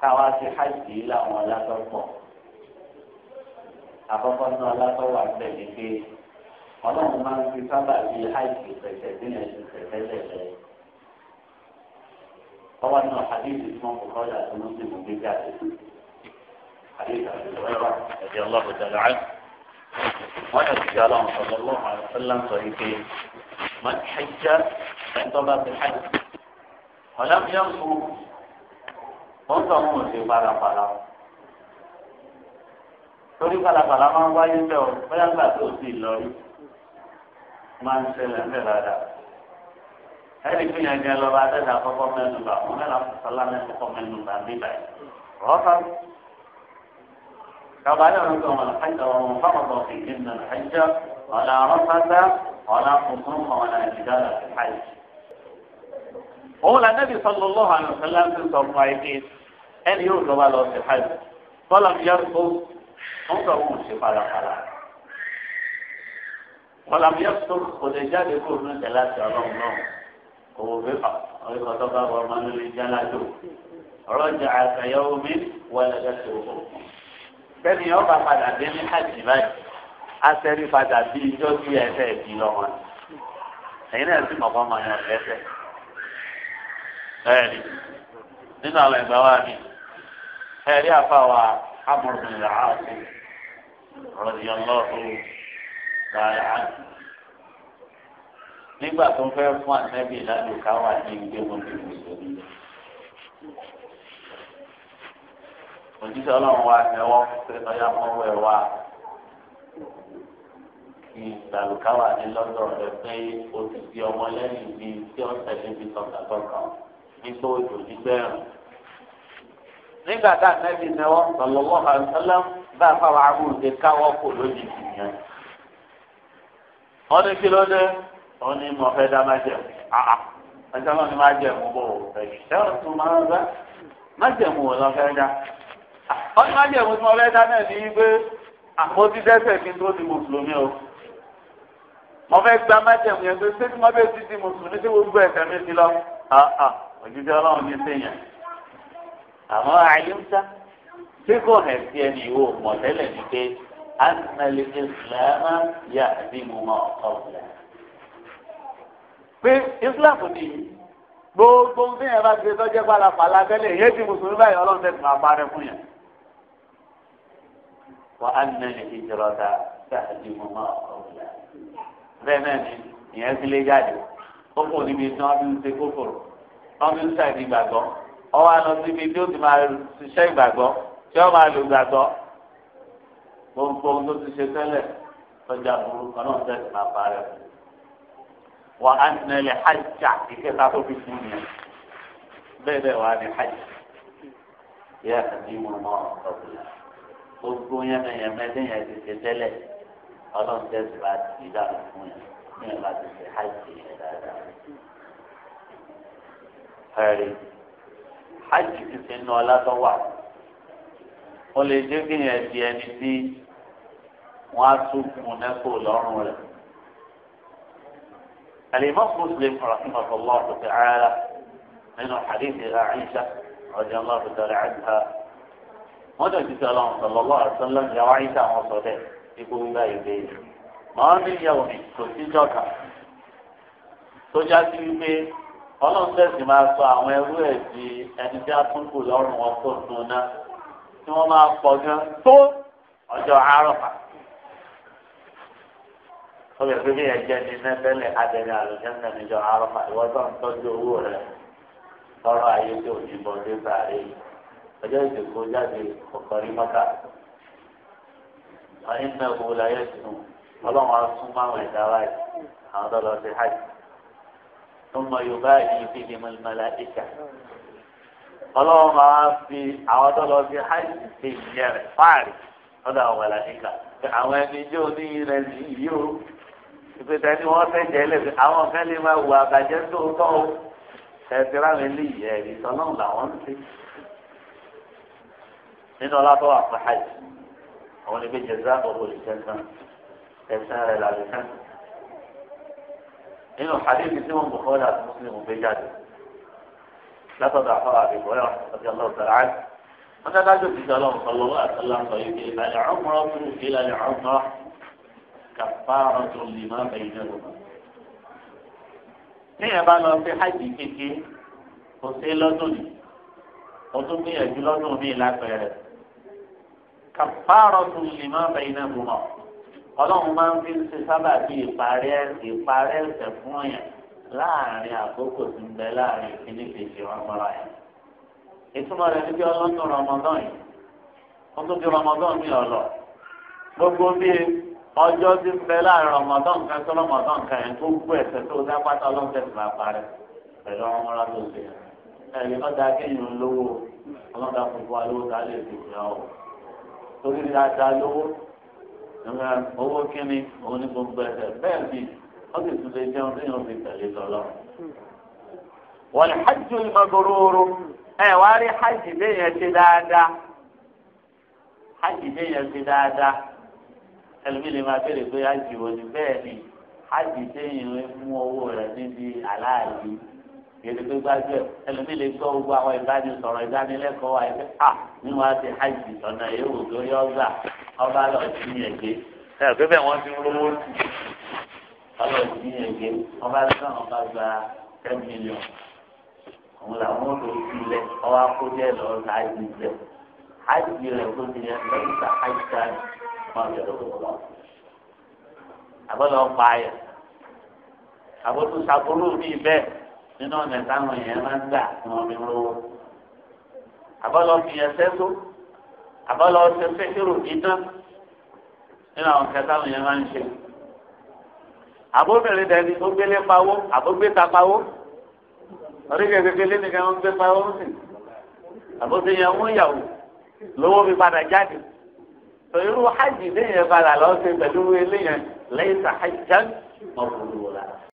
káwa ṣe hajj láwọn alátọ́pọ̀ àkọ́kọ́ ní alátọ́wà bẹ̀ ni pé ọlọ́run máa ń fi sábà bí hajj pẹ̀tẹ̀ sílẹ̀ ju pẹ̀tẹ́lẹ̀ rẹ̀ ọwọ́ náà hadith tí wọ́n kò kọ́ yà tó lóṣù tó gbé jáde hadith àti ìrẹ́wà ẹ̀jẹ̀ ọlọ́run tẹ̀lé ẹ̀ wọ́n yà kíkẹ́ ọlọ́run sọ̀rọ̀ lọ́wọ́ àlùfẹ́lá ń yìí pé mọ̀ hajj ẹ̀ ń tọ́ bá fi hajj ọ̀làmúyàn fún ó sọ fún òsè pàlàpàlà torí pàlàpàlà máa ń wáyé bẹ́ẹ̀ o bóyá gbà tó o sì lọ rí máa ń ṣẹlẹ̀ ńbẹ̀ dáadáa ẹni tó yẹn jẹ lọ́ba adẹ́dà kọ́kọ́ mẹ́nu bá wọn mẹ́la sọlá mẹ́nu kọ́ mẹ́nu bá ń bí báyìí rọ́ọ̀tà kaba ní ọ̀rọ̀ kan wọn hajj wọn wọn fáwọn bọ̀ fi kí nínú hajj wọn là rọ́ọ̀tà wọn là kùnkùn wọn là jìdá là hajj. òun là nẹ́bí sọlọ́lọ́hàn ṣẹlẹ́ ń sọ fún àyíké ẹni yóò lọ́wọ́ lọ sí hajj bọ́lá mi yẹn kó wọ́n kà wọ́n ṣe parapara bọ́lá mi yẹn tó kò lè jáde kó ní ìtẹ̀lá sí ọlọ́run náà kò wò bí ah, ọ̀rẹ́ kọ́tọ́ bá wọ́n máa ń lè jálá jò ọ̀rọ̀ jẹ àṣàyẹ̀wò mi wọ́n lè dẹ́ tó bẹ́ẹ̀ni yóò bá padà dé ní hajj báyìí asẹ́rí padà bí ijó bí ẹsẹ̀ ìdí lọ́wọ́ ẹ̀yin náà sì mọ̀ nínú àwọn ẹgbẹ́ wa ni ẹ̀rí àfàwà amọ̀rùn ìyàwó rọ̀dìyànlọ́ọ̀tò dáadáa àná. nígbà tó ń fẹ́ fún àtẹ́bí ìdájọ́ káwà ní gbẹ́mọ̀ ní mùsùlùmí. òjíṣẹ́ ọlọ́run wa tẹ́wọ́ pé ọyá mọ́wọ́ ẹ̀ wá kí ìdàlùkáwà ní lọ́dọ̀ rẹ̀ pé o ti di ọmọ lẹ́yìn mi tí ó tẹ̀lé mi tọ̀kàtọ̀kà nígbà òjò jíjẹ́ rẹ̀. nígbà tá a nẹ́bi náwó lọ́lọ́wọ́ àlùfẹ́lẹ́ bá a fáwọn amúnde káwọ́ kò lójijì yẹn. wọ́n ní kí ló dé wọ́n ní mo fẹ́ dá má jẹ̀ àà ẹ̀jẹ̀ náà ni má jẹ̀ mú bò ẹ̀ṣẹ̀ tó máa ń bá má jẹ̀ mú wọn lọ fẹ́ dá. wọ́n ní má jẹ̀ mú tí mo fẹ́ dá náà ní pé àmọ́ dẹ́sẹ̀ kí n tó di mùsùlùmí o mo fẹ́ gba má yẹn pé ṣé tí mo fẹ́ ti di mùsùlùmí tí gbogbo ẹ̀ṣẹ̀ mi ti lọ. Ah, ah, òjijì ọlọ́run ní sèyàn àmọ́ àyíká tí kò hẹ̀ sí ẹni ìwò mọ̀tẹ́lẹ̀ ni pé anàlẹ́ ìsìlámà yà bí mo máa kọ́ ọ̀la. pé islam ni gbogbo ń fihàn bá gbé sọ́jẹ́ pàlàpàlà tẹ́lẹ̀ yé ti mùsùlùmí báyìí ọlọ́run tẹ̀sán àpárẹ̀ fún yẹn. wà á nà ní ìjọba ta yà bí mo máa kọ́ ọ̀la. bẹ́ẹ̀ náà ni ìyẹn fi jáde kókò níbi tí wọ́n fi ń ṣe kókò wọ́n fi ń ṣe ìgbàgbọ́ ọwọ́ àná síbi tí ó ti máa ṣiṣẹ́ ìgbàgbọ́ tí wọ́n máa lò gbàgbọ́ gbogbo ohun tó ti ṣe tẹ́lẹ̀ sọ́jà burúkú ọlọ́run tẹ̀sí máa bá rẹ̀ wà á nílẹ̀ hajj ìkẹta tó fi fún mi bẹ́ẹ̀ bẹ́ẹ̀ wà ní hajj yẹ àdìmọ̀ náà ọ̀gbìn gbogbo yẹn mẹ́yẹmẹ́ lẹ́yìn ti ṣe tẹ́lẹ̀ ọlọ́run tẹ̀sí máa ti dànù fún yẹn. ní ọba ti ṣe hajj yẹn dáadáa. Ẹ̀rí hajj ti fi nu ọlá tó wà. Ó lè jẹ́ Aisha radiyallahu ta'ala anha. ọ̀ọ́nì yẹ̀wò kò síjọ́ kan tó já sí wípé ọlọ́run tẹ̀sí máa sọ àwọn ẹrú ẹ̀ di ẹni tí a tún kù lọ́rùn wọn tó tún tí wọ́n máa pọ̀ gan tó ọjọ́ àárọ̀fà. ó lè fi bí ní nẹ́tẹ́lẹ̀ adẹ̀rẹ̀ ń tọ́jú owó lọ́rọ̀ ayé tí ò ní bọ́ dé sàárè yìí ọjọ́ jáde mọ́ta. ọlọ́run asún márùn ẹ̀dá wa yìí àwọn tó lọ sí hajj tó mọ yorùbá yìí fi lè mọlẹ́mọlẹ́ ìkà ọlọ́run máa fi àwọn tó lọ sí hajj fi yẹrẹ fáàrí lọ́dọ̀ àwọn mọlẹ́ ìkà àwọn ẹni jẹ́ oní rẹ̀ yìí o ìpèsè ni wọ́n fẹ́ jẹ́ lẹ́sìn àwọn kan lè máa wù àbàjẹ́ tó tọ́ o ẹ̀sìn ráwọn eléyìí ẹ̀rí sọlọ́run làwọn ń ṣe nínú ọlọ́tọ́ àfọ hajj àwọn ẹgbẹ́ jẹ́ ẹ̀sán rẹ̀ làbẹ̀ sẹ́n. nínú hadithi tí wọ́n bọ̀ fọ́lá àti mùsùlùmí gbé jáde látọ̀dọ̀ àfọwọ́ àbẹ̀bọ̀yọ̀ àti ọlọ́run tẹ̀lé àyè. wọ́n dá dájú òfin ọlọ́run sọ̀rọ̀ wọ́n àtàlà sọ yìí ìlànà ọmọrọ̀ fún ìlànà ọmọrọ̀ kàfàrọ̀ tó lè má bẹ̀yìn náà lọ́wọ́. téèyàn bá lọ sí hajj kékeré kò sí lọ́dún ni ọdún gbìyànjú lọ́dún mi lápẹ̀rẹ̀ kàfàrọ̀ tó lè má bẹ̀yìn náà ọlọ́run máa ń fi ṣe sábà bí ìparẹ́ ìparẹ́ ẹ̀sẹ̀ fún ọ̀yàn láàrin àkókò tí ń bẹ láàrin ìpínlẹ̀ kejì wọn mọ́ra yẹn. ìtumọ̀ rẹ̀ ni bí ọlọ́run rọmọdán yìí wọ́n tún fi rọmọdán mi ọ̀lọ́ gbogbo bí ọjọ́ tí ń bẹ láàrin rọmọdán kan tó rọmọdán kan yẹn tó gbó ẹ̀sẹ̀ tó dá pátá ọlọ́run tẹ̀sí máa parẹ́ pẹ̀lú ọmọ mọ́ra tó ṣe ẹ̀rí ọ̀dà akéyìn lówó ọlọ́dà fúnfún alówó tá a lè fi nígbà owó kínní òun ní gbogbo ẹsẹ̀ bẹ́ẹ̀ ni wọ́n sì tún lè jẹun tí yóò fi tẹ̀lé lọ́lọ́. wọ́n ní hajj mabruru ẹ̀ wá rí hajj déyẹn ṣe dáadáa hajj déyẹn ṣe dáadáa ẹlòmíì lè máa bẹ̀rẹ̀ pé hajj wo bẹ́ẹ̀ ni hajj déyẹn mú owó rẹ̀ níbi aláàlú yẹtù pé gbájú ẹ lè gbọ́ gbogbo àwọn ìbánisọ̀rọ̀ ìdánilẹ́kọ̀ọ́ wa ẹgbẹ́ à ní wọn ti hajj ọ̀nà èèwò lórí ọgbà ọba lọ sí ẹgbẹ́ ẹ pé bẹ́ẹ̀ wọ́n ti rówó sí ọba lọ sí ẹgbẹ́ ọba lọ ọba gba ten million òun làwọn ò lò sí ilẹ̀ ọba kó jẹ́ lọ hajj rẹ̀ hajj rẹ̀ tó ti yẹ lẹ́yìn hajj tán wọn yọ lọ́wọ́ àbọ̀lọ́ pa ayẹ̀ àbọ̀tún sàbọ̀lù mi bẹ́ẹ̀ nínú ọ̀nà táwọn èèyàn máa ń gbà tí wọ́n fi rówó. àbọ̀lọ́ fi ẹsẹ̀ tó àbọ̀lọ́ ṣe fẹ́kẹ̀rù dídán nínú àwọn kẹta àwọn èèyàn máa ń ṣe. àbóbìnrin dẹni tó gbélé pawó àbógbéta pawó oríkèé kékeré nìkan ń gbé pawó sí àbóṣe yẹn mú ìyàwó lówó fi padà jáde tó irú hajj déyẹn padà lọ́ọ́ pẹ̀lú eléyẹn lẹ́yìn sàhájá mọ̀kúrú rà.